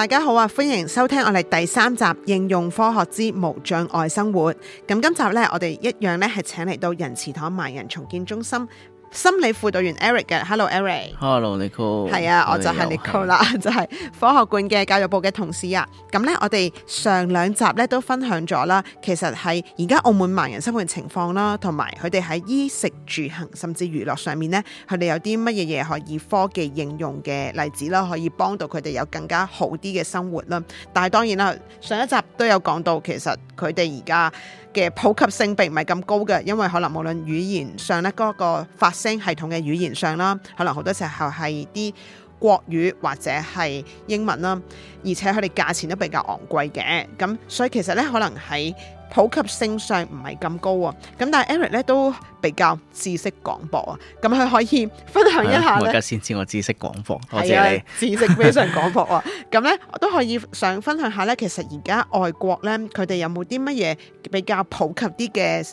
大家好啊，歡迎收聽我哋第三集應用科學之無障礙生活。咁今集呢，我哋一樣呢係請嚟到仁慈堂盲人重建中心，心理輔導員 Eric 嘅，Hello Eric，Hello Nicko，係 啊，我就係 Nicko 啦，就係、是、科學館嘅教育部嘅同事啊。咁咧， 我哋上兩集咧都分享咗啦，其實係而家澳門盲人生活情況啦，同埋佢哋喺衣食住行甚至娛樂上面咧，佢哋有啲乜嘢嘢可以科技應用嘅例子啦，可以幫到佢哋有更加好啲嘅生活啦。但係當然啦，上一集都有講到，其實佢哋而家。嘅普及性並唔係咁高嘅，因為可能無論語言上咧，嗰個發聲系統嘅語言上啦，可能好多時候係啲國語或者係英文啦，而且佢哋價錢都比較昂貴嘅，咁所以其實咧，可能喺普及性上唔係咁高啊，咁但係 Eric 咧都比較知識廣博啊，咁佢可以分享一下、啊、我而家先知我知識廣博，多謝你、啊、知識非常廣博啊。咁咧 我都可以想分享下咧，其實而家外國咧，佢哋有冇啲乜嘢比較普及啲嘅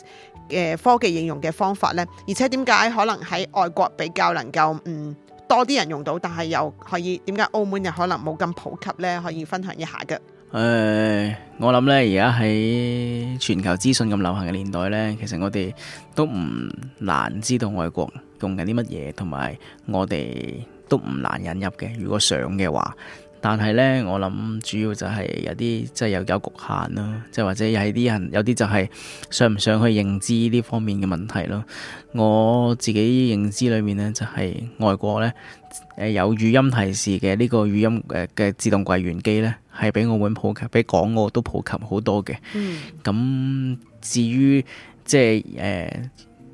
嘅科技應用嘅方法咧？而且點解可能喺外國比較能夠嗯多啲人用到，但係又可以點解澳門又可能冇咁普及咧？可以分享一下嘅。誒、哎，我諗呢，而家喺全球資訊咁流行嘅年代呢，其實我哋都唔難知道外國用緊啲乜嘢，同埋我哋都唔難引入嘅。如果想嘅話，但係呢，我諗主要就係有啲即係有有局限咯，即係或者有啲人有啲就係想唔想去認知呢方面嘅問題咯。我自己認知裏面呢，就係、是、外國呢，誒有語音提示嘅呢、這個語音嘅自動櫃員機呢。係比澳門普及，比港澳都普及好多嘅。咁、嗯、至於即係誒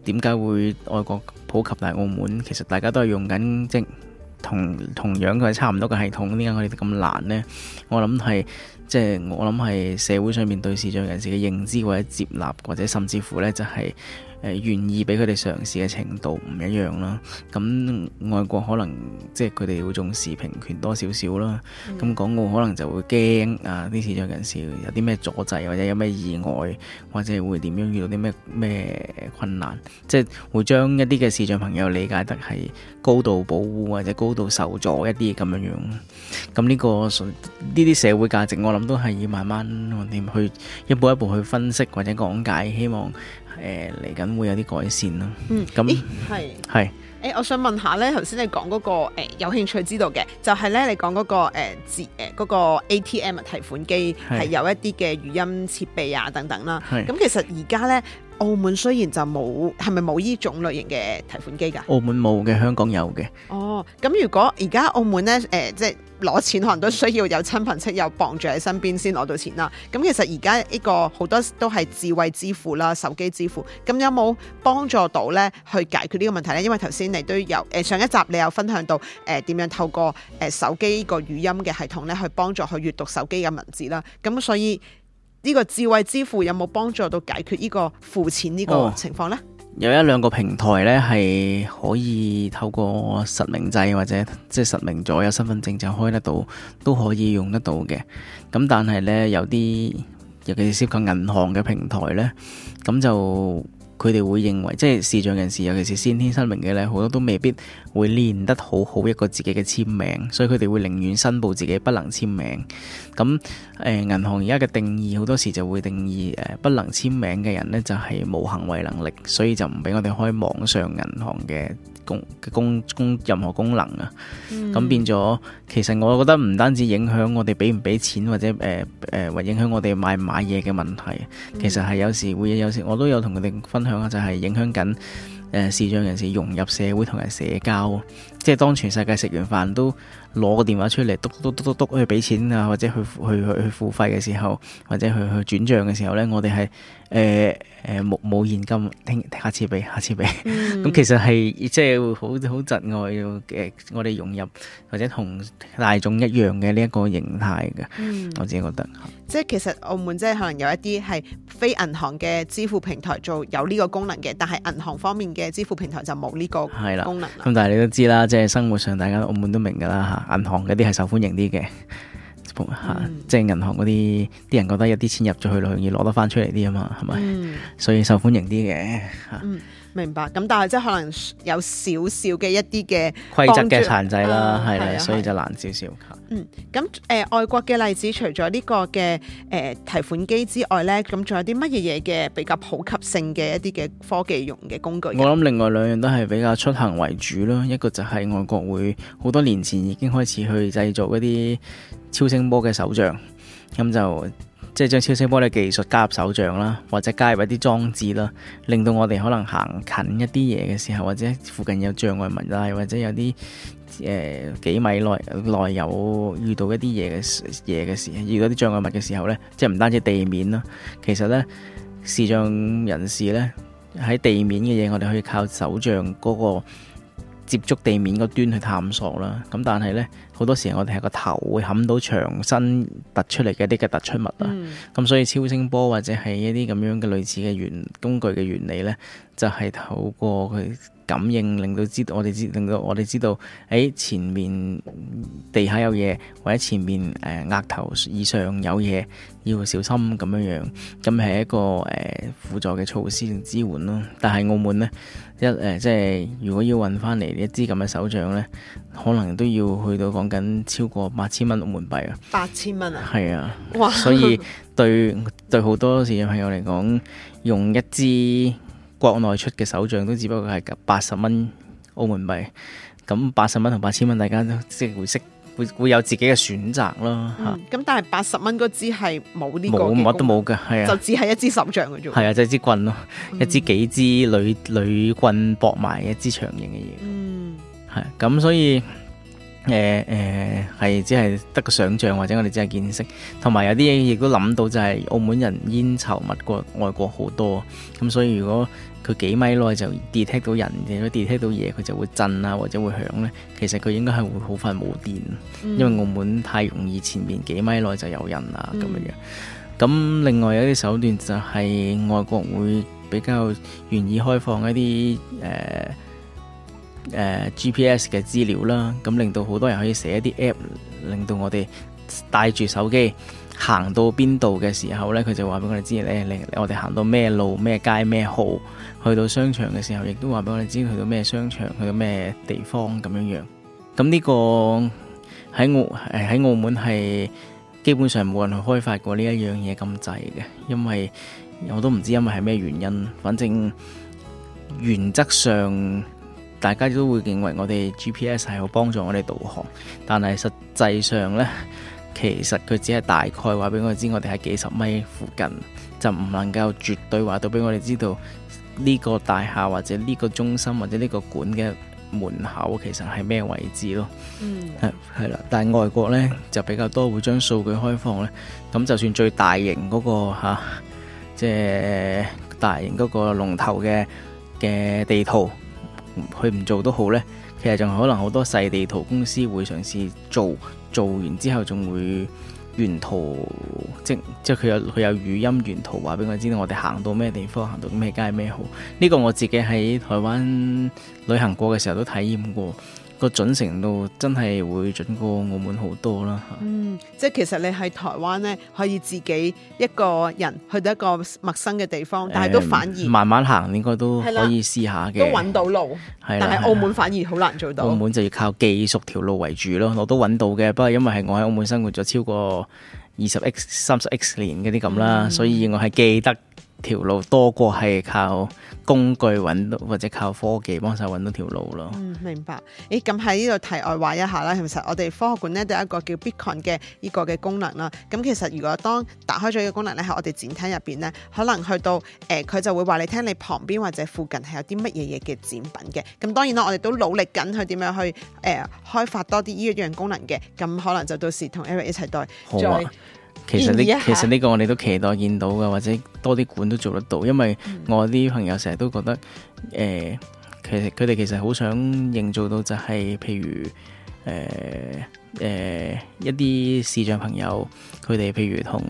點解會外國普及，大澳門其實大家都係用緊，即、就、係、是、同同樣嘅差唔多嘅系統，點解我哋咁難呢？我諗係即係我諗係社會上面對視像人士嘅認知或者接納，或者甚至乎呢就係、是。誒願意俾佢哋嘗試嘅程度唔一樣啦，咁外國可能即係佢哋會重視平權多少少啦，咁、嗯、港澳可能就會驚啊啲視障人士有啲咩阻滯或者有咩意外或者會點樣遇到啲咩咩困難，即係會將一啲嘅視障朋友理解得係高度保護或者高度受阻。一啲咁樣樣，咁呢、這個呢啲社會價值我諗都係要慢慢我哋去一步一步去分析或者講解，希望。誒，嚟緊會有啲改善咯。嗯是，咁係係。誒，我想問下咧，頭先你講嗰、那個誒、呃，有興趣知道嘅，就係、是、咧你講嗰、那個誒、節、呃、誒、呃那個 ATM 提款機係是有一啲嘅語音設備啊，等等啦。係是。咁其實而家咧。澳門雖然就冇，係咪冇呢種類型嘅提款機噶？澳門冇嘅，香港有嘅。哦，咁如果而家澳門咧，誒、呃，即係攞錢可能都需要有親朋戚友傍住喺身邊先攞到錢啦。咁其實而家呢個好多都係智慧支付啦，手機支付。咁有冇幫助到咧？去解決呢個問題咧？因為頭先你都有，誒、呃，上一集你有分享到，誒、呃，點樣透過誒、呃、手機個語音嘅系統咧，去幫助去閱讀手機嘅文字啦。咁所以。呢個智慧支付有冇幫助到解決呢個付錢呢個情況呢？哦，有一兩個平台呢，係可以透過實名制或者即係實名咗有身份證就開得到，都可以用得到嘅。咁但係呢，有啲，尤其是涉及銀行嘅平台呢，咁就。佢哋會認為，即係視障人士，尤其是先天失明嘅呢，好多都未必會練得好好一個自己嘅簽名，所以佢哋會寧願申報自己不能簽名。咁誒、呃，銀行而家嘅定義好多時就會定義誒不能簽名嘅人呢，就係、是、冇行為能力，所以就唔俾我哋開網上銀行嘅。公嘅任何功能啊，咁、嗯、變咗，其實我覺得唔單止影響我哋俾唔俾錢或者誒誒，或、呃呃、影響我哋買唔買嘢嘅問題，其實係有時會有，有時，我都有同佢哋分享啊，就係、是、影響緊誒視障人士融入社會同埋社交。即係當全世界食完飯都攞個電話出嚟，嘟嘟嘟嘟嘟去俾錢啊，或者去去去去付費嘅時候，或者去去轉賬嘅時候咧，我哋係誒誒冇冇現金，聽下次俾，下次俾。咁其實係即係好好窒礙嘅，我哋融入或者同大眾一樣嘅呢一個形態嘅。嗯、我自己覺得。嗯、即係其實澳門即係可能有一啲係非銀行嘅支付平台做有呢個功能嘅，但係銀行方面嘅支付平台就冇呢個功能啦。咁但係你都知啦。即係生活上，大家澳門都明㗎喇嚇，銀行嗰啲係受歡迎啲嘅，嚇、mm. 啊，即係銀行嗰啲啲人覺得有啲錢入咗去，容易攞得返出嚟啲啊嘛，係咪？Mm. 所以受歡迎啲嘅嚇。啊 mm. 明白，咁但係即係可能有少少嘅一啲嘅規則嘅限制啦，係啦、啊，所以就難少少。嗯，咁誒、呃、外國嘅例子，除咗呢個嘅誒、呃、提款機之外呢，咁仲有啲乜嘢嘢嘅比較普及性嘅一啲嘅科技用嘅工具？我諗另外兩樣都係比較出行為主咯，一個就係外國會好多年前已經開始去製造嗰啲超聲波嘅手杖，咁就。即係將超聲波嘅技術加入手杖啦，或者加入一啲裝置啦，令到我哋可能行近一啲嘢嘅時候，或者附近有障礙物啦，或者有啲誒、呃、幾米內內有遇到一啲嘢嘅嘢嘅時，遇到啲障礙物嘅時候呢，即係唔單止地面咯，其實呢，視障人士呢，喺地面嘅嘢，我哋可以靠手杖嗰、那個。接觸地面個端去探索啦，咁但係呢，好多時我哋係個頭會冚到牆身突出嚟嘅一啲嘅突出物啊，咁、嗯、所以超聲波或者係一啲咁樣嘅類似嘅原工具嘅原理呢，就係、是、透過佢。感應令到知，我哋知令到我哋知道，誒、哎、前面地下有嘢，或者前面誒額頭以上有嘢要小心咁樣樣，咁係一個誒、呃、輔助嘅措施同支援咯。但係澳門呢，一誒、呃、即係如果要運翻嚟一支咁嘅手杖呢，可能都要去到講緊超過、啊、八千蚊澳門幣啊！八千蚊啊！係啊哇，所以對對好多視障朋友嚟講，用一支。國內出嘅手杖都只不過係八十蚊澳門幣，咁八十蚊同八千蚊，大家都即係會識會會有自己嘅選擇咯嚇。咁、嗯、但係八十蚊嗰支係冇呢個冇乜都冇嘅，係啊，啊，就只係一支手杖嘅啫。係啊，就一支棍咯，一支幾支鋁鋁、嗯、棍搏埋一,一支長形嘅嘢。嗯，係咁、啊、所以。誒誒係，只係得個想像或者我哋只係見識，同埋有啲嘢亦都諗到，就係澳門人煙稠密過外國好多，咁所以如果佢幾米內就 detect 到人，如果 detect 到嘢，佢就會震啊或者會響咧，其實佢應該係會好快冇電，嗯、因為澳門太容易前面幾米內就有人啦咁、嗯、樣。咁另外有啲手段就係外國人會比較願意開放一啲誒。呃 Uh, GPS 嘅資料啦，咁令到好多人可以寫一啲 app，令到我哋帶住手機行到邊度嘅時候呢，佢就話俾我哋知你我哋行到咩路、咩街、咩號，去到商場嘅時候，亦都話俾我哋知去到咩商場、去到咩地方咁樣樣。咁呢個喺澳喺喺澳門係基本上冇人去開發過呢一樣嘢咁滯嘅，因為我都唔知因為係咩原因，反正原則上。大家都會認為我哋 GPS 係好幫助我哋導航，但係實際上呢，其實佢只係大概話俾我哋知，我哋喺幾十米附近，就唔能夠絕對話到俾我哋知道呢個大廈或者呢個中心或者呢個館嘅門口其實係咩位置咯。嗯，係係啦，但係外國呢，就比較多會將數據開放呢，咁就算最大型嗰個吓，即係大型嗰個龍頭嘅嘅地圖。佢唔做都好呢，其實仲可能好多細地圖公司會嘗試做，做完之後仲會沿途，即即佢有佢有語音沿途，話俾我知，我哋行到咩地方，行到咩街咩號。呢、呢個我自己喺台灣旅行過嘅時候都體驗過。個準程度真係會準過澳門好多啦，吓。嗯，即係其實你喺台灣咧，可以自己一個人去到一個陌生嘅地方，嗯、但係都反而慢慢行，應該都可以試下嘅，都搵到路。係啦，但係澳門反而好難做到。澳門就要靠記熟條路為主咯，我都搵到嘅。不過因為係我喺澳門生活咗超過二十 x 三十 x 年嗰啲咁啦，嗯、所以我係記得。條路多過係靠工具揾到，或者靠科技幫手揾到條路咯。嗯，明白。誒，咁喺呢度題外話一下啦，其實我哋科學館呢，都有一個叫 Bitcoin 嘅呢個嘅功能啦。咁其實如果當打開咗呢個功能呢，喺我哋展廳入邊呢，可能去到誒佢、呃、就會話你聽你旁邊或者附近係有啲乜嘢嘢嘅展品嘅。咁當然啦，我哋都努力緊去點樣去誒、呃、開發多啲呢一樣功能嘅。咁可能就到時同 Eric 一齊再再、啊。其實呢，其實呢個我哋都期待見到嘅，或者多啲館都做得到。因為我啲朋友成日都覺得，誒、呃，其實佢哋其實好想營造到就係、是，譬如誒誒、呃呃、一啲視障朋友，佢哋譬如同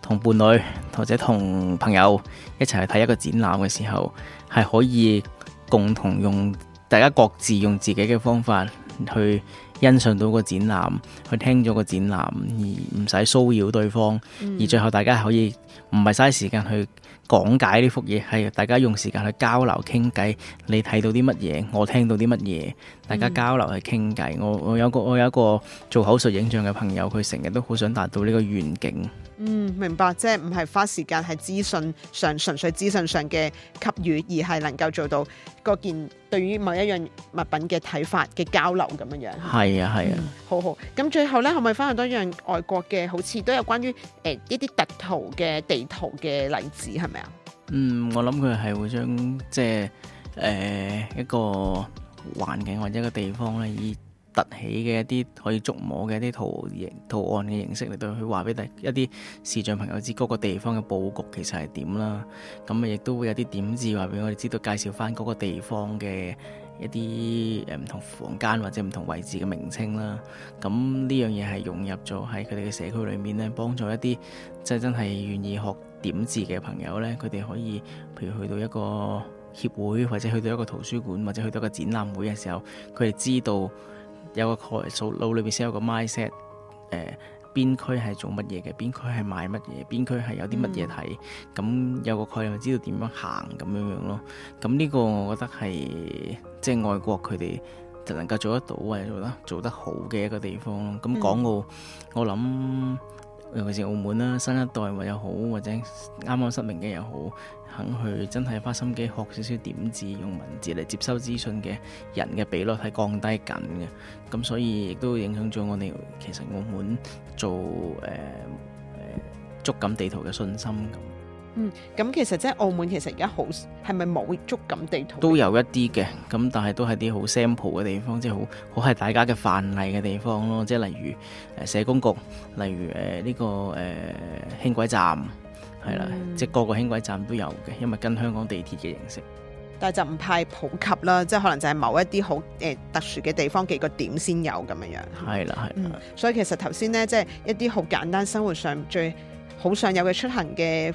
同伴侶，或者同朋友一齊去睇一個展覽嘅時候，係可以共同用大家各自用自己嘅方法去。欣賞到個展覽，去聽咗個展覽，而唔使騷擾對方，嗯、而最後大家可以唔係嘥時間去講解呢幅嘢，係大家用時間去交流傾偈。你睇到啲乜嘢，我聽到啲乜嘢。大家交流去傾偈，我有我有個我有個做口述影像嘅朋友，佢成日都好想達到呢個願景。嗯，明白，即係唔係花時間喺資訊上，純粹資訊上嘅給予，而係能夠做到嗰件對於某一樣物品嘅睇法嘅交流咁樣樣。係啊，係啊，嗯，好好。咁最後咧，可唔可以分享多一樣外國嘅，好似都有關於誒、呃、一啲凸圖嘅地圖嘅例子，係咪啊？嗯，我諗佢係會將即係誒、呃、一個。環境或者一個地方咧，以凸起嘅一啲可以觸摸嘅一啲圖形、圖案嘅形式，嚟到去話俾大一啲視像朋友知嗰個地方嘅佈局其實係點啦。咁啊，亦都會有啲點字話俾我哋知道，介紹翻嗰個地方嘅一啲誒唔同房間或者唔同位置嘅名稱啦。咁呢樣嘢係融入咗喺佢哋嘅社區裏面呢，幫助一啲即係真係願意學點字嘅朋友呢，佢哋可以譬如去到一個。協會或者去到一個圖書館，或者去到一個展覽會嘅時候，佢哋知道有個概數，腦裏邊先有個 mindset，誒、呃、邊區係做乜嘢嘅，邊區係賣乜嘢，邊區係有啲乜嘢睇，咁、嗯嗯、有個概念知道點樣行咁樣樣咯。咁呢個我覺得係即係外國佢哋就能夠做得到，或者做得做得好嘅一個地方咯。咁港澳、嗯、我諗。尤其是澳門啦，新一代也好或者啱啱失明嘅又好，肯去真係花心機學少少點，點字，用文字嚟接收資訊嘅人嘅比率係降低緊嘅，咁所以亦都影響咗我哋其實澳門做誒誒觸感地圖嘅信心。嗯，咁其實即係澳門，其實而家好係咪冇觸感地圖？都有一啲嘅，咁但係都係啲好 sample 嘅地方，即係好好係大家嘅範例嘅地方咯。即係例如誒社工局，例如誒呢、呃這個誒、呃、輕軌站，係啦，嗯、即係個個輕軌站都有嘅，因為跟香港地鐵嘅形式。但係就唔太普及啦，即係可能就係某一啲好誒特殊嘅地方幾個點先有咁樣樣。係啦，係啦、嗯，所以其實頭先咧，即係一啲好簡單生活上最好想有嘅出行嘅。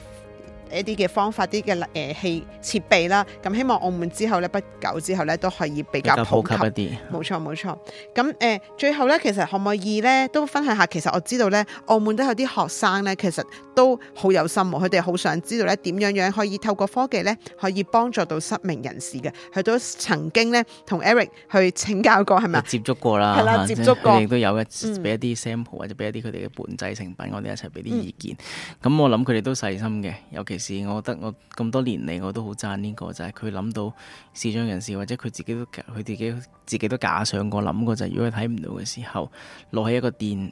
一啲嘅方法、啲嘅誒器設備啦，咁希望澳門之後咧，不久之後咧，都可以比較普及一啲。冇錯冇錯，咁誒，最後咧，其實可唔可以咧都分享下，其實我知道咧，澳門都有啲學生咧，其實都好有心，佢哋好想知道咧，點樣樣可以透過科技咧，可以幫助到失明人士嘅。佢都曾經咧同 Eric 去請教過，係咪？接觸過啦，係啦，接觸過亦都有嘅，俾一啲 sample 或者俾一啲佢哋嘅本製成品，我哋一齊俾啲意見。咁我諗佢哋都細心嘅，尤其。事，我覺得我咁多年嚟我都好讚呢個，就係佢諗到視障人士或者佢自己都佢自己自己都假想過諗過，就係如果睇唔到嘅時候，攞起一個電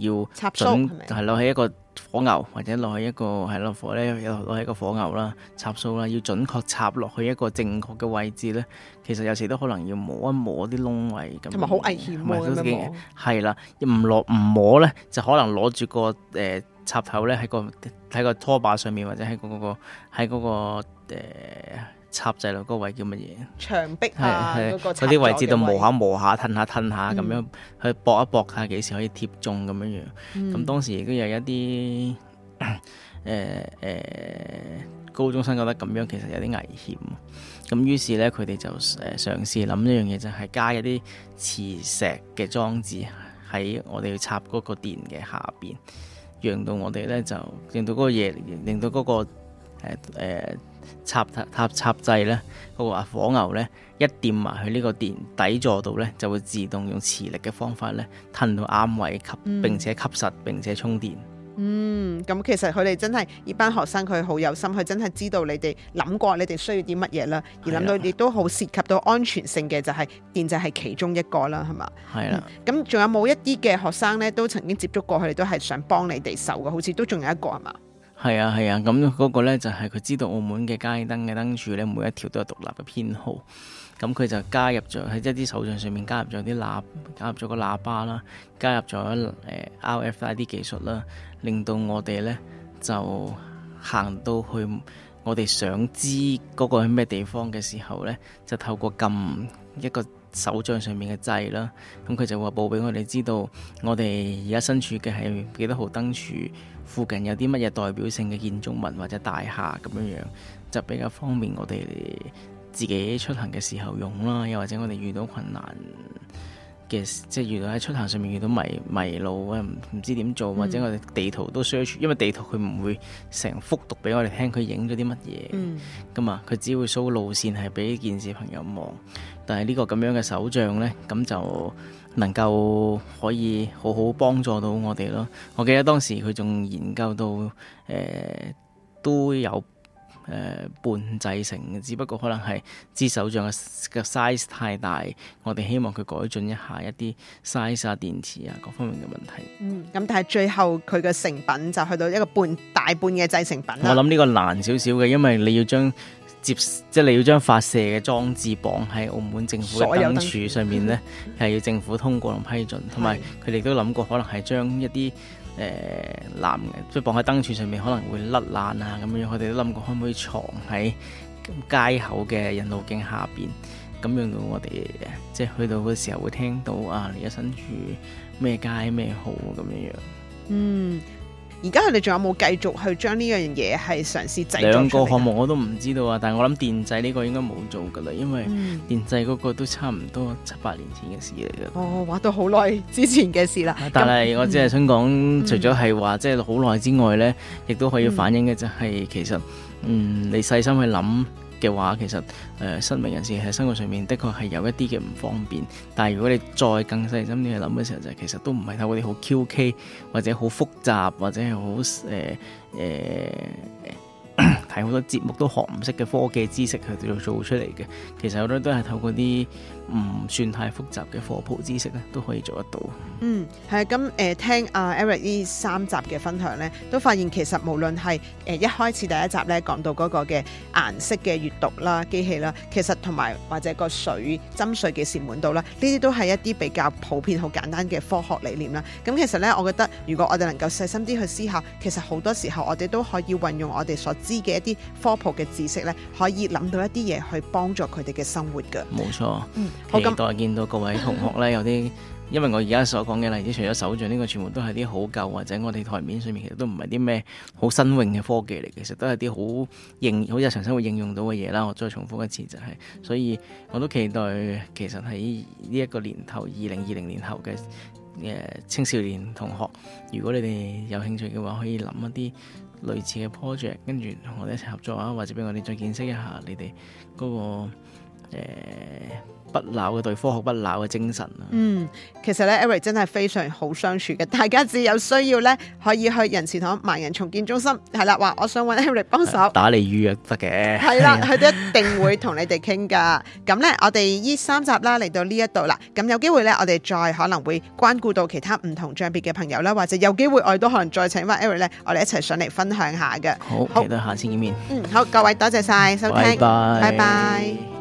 要準插數係攞起一個火牛或者攞起一個係攞、嗯、火咧攞起一個火牛啦，插數啦，要準確插落去一個正確嘅位置咧，其實有時都可能要摸一摸啲窿位咁，係咪好危險？啊，都摸係啦，唔落唔摸咧就可能攞住個誒。呃插頭咧喺個喺個拖把上面，或者喺嗰、嗰個喺嗰、嗰個、呃、插掣落嗰位叫乜嘢？牆壁啊，嗰啲位置度磨下磨下，下，下，褪下褪下咁樣去搏一搏下，幾、嗯、時可以貼中咁樣樣？咁當時亦都有一啲誒誒高中生覺得咁樣其實有啲危險，咁於是咧佢哋就誒嘗試諗一樣嘢，就係、是、加一啲磁石嘅裝置喺我哋要插嗰個電嘅下邊。令到我哋咧就令到、嗰個、嗰個嘢，令、呃、到、嗰個誒誒誒插塔塔插掣咧，嗰話火牛咧一掂埋去呢個電底座度咧，就會自動用磁力嘅方法咧，褪到啱位吸，並且吸實並且充電。嗯。嗯，咁其實佢哋真係呢班學生，佢好有心，佢真係知道你哋諗過，你哋需要啲乜嘢啦。而諗到亦都好涉及到安全性嘅，就係電掣係其中一個啦，係嘛？係啦是的、嗯。咁仲有冇一啲嘅學生呢，都曾經接觸過，佢哋都係想幫你哋手嘅，好似都仲有一個係嘛？係啊係啊，咁嗰、嗰個呢就係、係、佢知道澳門嘅街燈嘅燈柱呢，每一條都有獨立嘅編號。咁佢就加入咗喺一啲手杖上面，加入咗啲喇，加入咗個喇叭啦，加入咗誒 RFID 技術啦，令到我哋呢就行到去我哋想知嗰個喺咩地方嘅時候呢，就透過撳一個手杖上面嘅掣啦，咁佢就會報俾我哋知道我哋而家身處嘅係幾多號燈柱，附近有啲乜嘢代表性嘅建築物或者大廈咁樣樣，就比較方便我哋。自己出行嘅時候用啦，又或者我哋遇到困難嘅，即係遇到喺出行上面遇到迷迷路啊，唔唔知點做，嗯、或者我哋地圖都 search，因為地圖佢唔會成幅讀俾我哋聽，佢影咗啲乜嘢咁啊，佢只會 show 路線係俾健視朋友望。但係呢個咁樣嘅手杖呢，咁就能夠可以好好幫助到我哋咯。我記得當時佢仲研究到誒、呃、都有。誒、呃、半製成嘅，只不過可能係支手杖嘅嘅 size 太大，我哋希望佢改進一下一啲 size 啊、電池啊各方面嘅問題。嗯，咁但係最後佢嘅成品就去到一個半大半嘅製成品啦。我諗呢個難少少嘅，因為你要將接即係、就是、你要將發射嘅裝置綁喺澳門政府嘅燈柱上面呢，係、嗯、要政府通過同批准，同埋佢哋都諗過可能係將一啲。誒爛嘅，即係放喺燈柱上面可能會甩爛啊咁樣，我哋都諗過可唔可以藏喺街口嘅人路徑下邊，咁樣到我哋即係去到嘅時候會聽到啊，你而家身處咩街咩號咁樣樣。嗯。而家佢哋仲有冇繼續去將呢樣嘢係嘗試製兩個項目，我都唔知道啊，但係我諗電製呢個應該冇做㗎啦，因為電製嗰個都差唔多七八年前嘅事嚟嘅。嗯。哦，話到好耐之前嘅事啦。但係我只係想講，嗯、除咗係話即係好耐之外呢，亦都可以反映嘅就係、是、其實，嗯，你細心去諗嘅話，其實誒失明人士喺生活上面，的確係有一啲嘅唔方便。但係如果你再更細心啲去諗嘅時候，就係、其實都唔係透過啲好 QK 或者好複雜或者係好誒誒睇好多節目都學唔識嘅科技知識去做做出嚟嘅。其實好多都係透過啲。唔算太複雜嘅科普知識咧，都可以做得到。嗯，係咁誒，聽阿、啊、Eric 呢三集嘅分享咧，都發現其實無論係誒一開始第一集咧講到嗰個嘅顏色嘅閱讀啦、機器啦，其實同埋或者個水斟水嘅時滿度啦，呢啲都係一啲比較普遍、好簡單嘅科學理念啦。咁、嗯、其實呢，我覺得如果我哋能夠細心啲去思考，其實好多時候我哋都可以運用我哋所知嘅一啲科普嘅知識咧，可以諗到一啲嘢去幫助佢哋嘅生活㗎。冇錯、嗯，嗯期待見到各位同學呢。有啲因為我而家所講嘅例子，除咗手錶呢，這個全，全部都係啲好舊或者我哋台面上面，其實都唔係啲咩好新穎嘅科技嚟，其實都係啲好應好日常生活應用到嘅嘢啦。我再重複一次就係，是，所以我都期待其實喺呢一個年頭，二零二零年後嘅誒青少年同學，如果你哋有興趣嘅話，可以諗一啲類似嘅 project，跟住同我哋一齊合作啊，或者俾我哋再見識一下你哋嗰，那個，呃不朽嘅，對科學不朽嘅精神啦。嗯，其實咧，Eric 真係非常好相處嘅，大家只要有需要咧，可以去仁慈堂盲人重建中心係啦。話我想揾 Eric 幫手，打嚟預約得嘅。係啦，佢哋的的一定會同你哋傾噶。咁咧， 我哋呢三集啦，嚟到呢一度啦。咁有機會咧，我哋再可能會關顧到其他唔同障別嘅朋友啦，或者有機會我哋都可能再請翻 Eric 咧，我哋一齊上嚟分享下嘅。好，期待好下次見面嗯。嗯，好，各位多謝晒收聽，拜拜。